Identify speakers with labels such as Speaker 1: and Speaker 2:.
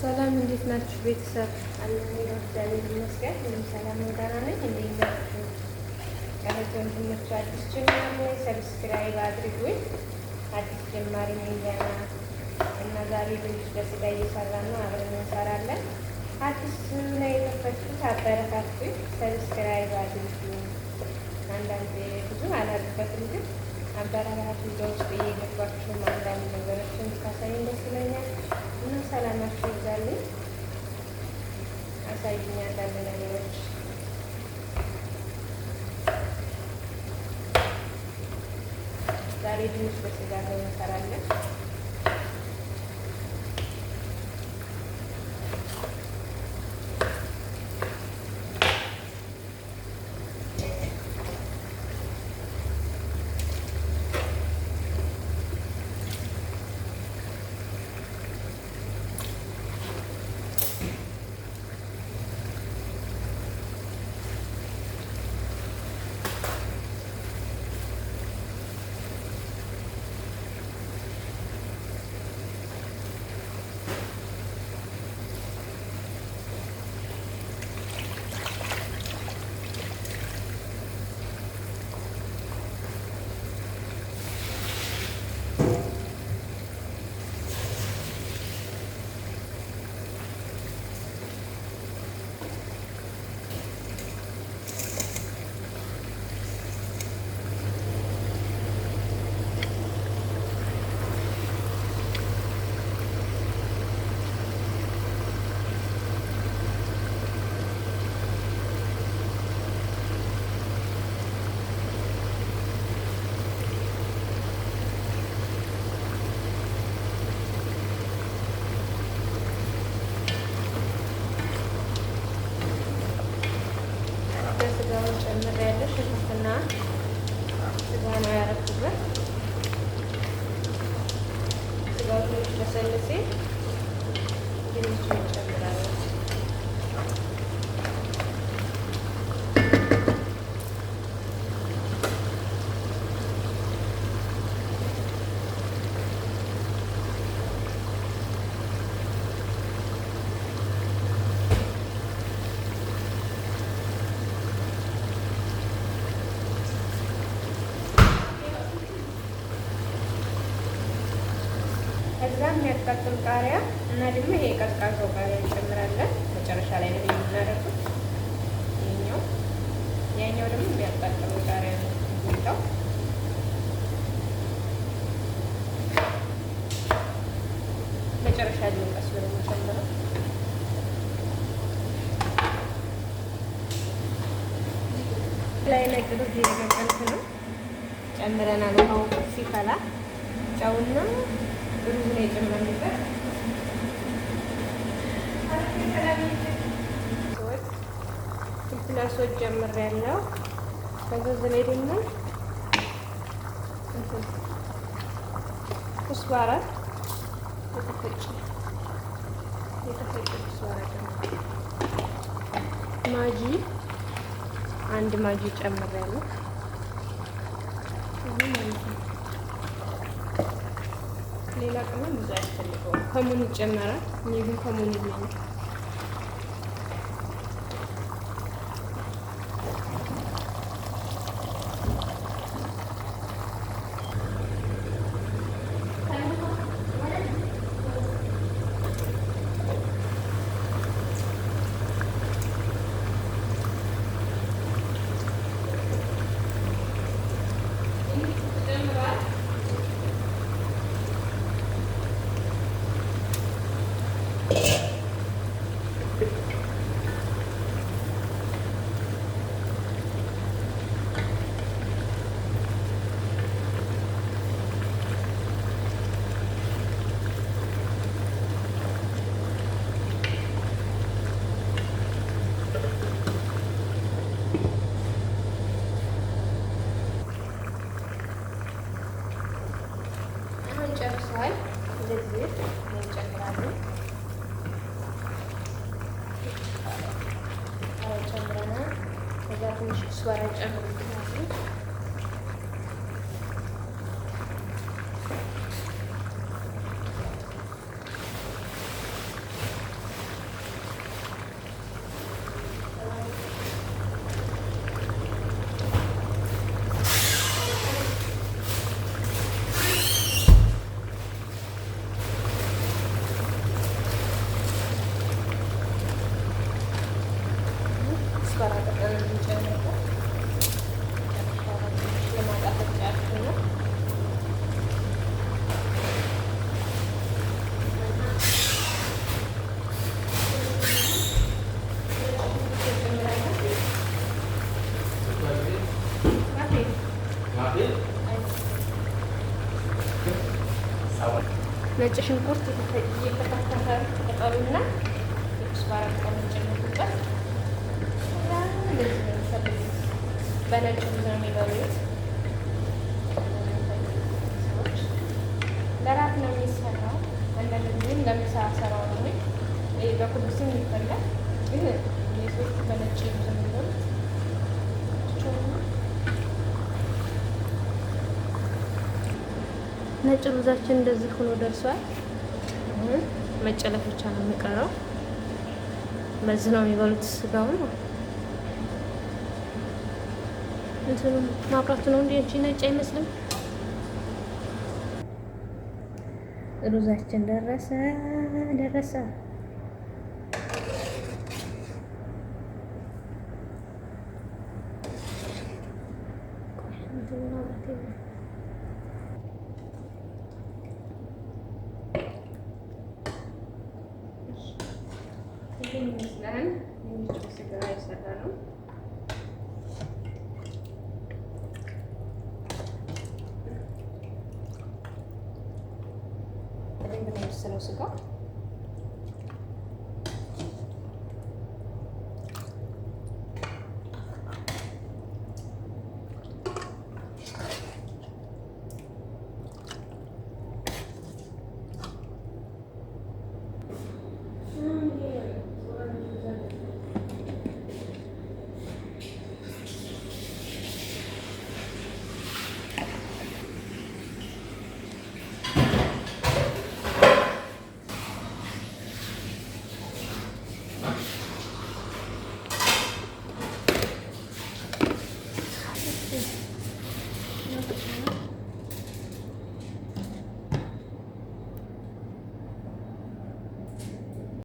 Speaker 1: ሰላም እንዴት ናችሁ ቤተሰብ? አለን እግዚአብሔር ይመስገን። ምንም ሰላም ደህና ነኝ። እንዴት ናችሁ? ወንድሞች አዲስ ጀማሪ ወይ ሰብስክራይብ አድርጉኝ። አዲስ ጀማሪ ነኝ ገና እና ዛሬ በስጋ እየሰራ ነው፣ አብረን እንሰራለን። አዲስ ላይ የከፈትኩት አበረታቱኝ፣ ሰብስክራይብ አንዳንድ ብዙ አላርበትም ግን አበረታቱ፣ አንዳንድ ነገር ዛሬ ድንች በስጋ እንሰራለን። እና ስጋ ነው ያረኩበት። ስጋው ለሰልሴ ከዛ የሚያቃጥል ቃሪያ እና ደግሞ ይሄ ቀዝቃዛው ቃሪያ እንጨምራለን። መጨረሻ ላይ ነው የምናደርገው። ይሄኛው ያኛው ደግሞ የሚያቃጥለው ቃሪያ ነው የሚወጣው። መጨረሻ ላይ ቀስ ብለን እንጨምረው። ላይ ነጭሩ እየተቀቀልኩ ነው ጨምረናል። ውሃው ሲፈላ ጨውና ሩዝ ላይ ጨምረንበት ላሶች ጀምር ያለው በዘዝ ላይ ደግሞ ኩስባራ የተፈጨ የተፈጨ ኩስባራ ማጂ አንድ ማጂ ጨምር ያለው ቅመም ብዙ አያስፈልገውም። ከሙን ይጨመራል። እኔ ግን ከሙን ይለኛል ትንሽ ስኳር ጨምሩ ነጭ ሽንኩርት እየተከተፈ ቅጠሉና በነጭ ነው የሚበሉት። ለራት ነው የሚሰራው። አንዳንድ ጊዜም ለምሳ ሰራው ነው በኩልስም ይበላል ግን ነጭ ሩዛችን እንደዚህ ሆኖ ደርሷል። መጨለፍ ብቻ ነው የሚቀረው። በዚህ ነው የሚበሉት። ስጋው እንትኑ ማብራቱ ነው እንዴ እንጂ ነጭ አይመስልም። ሩዛችን ደረሰ ደረሰ። ቆይ ይህን ይመስላል። ስጋ የሰራ ነው። በደንብ ነው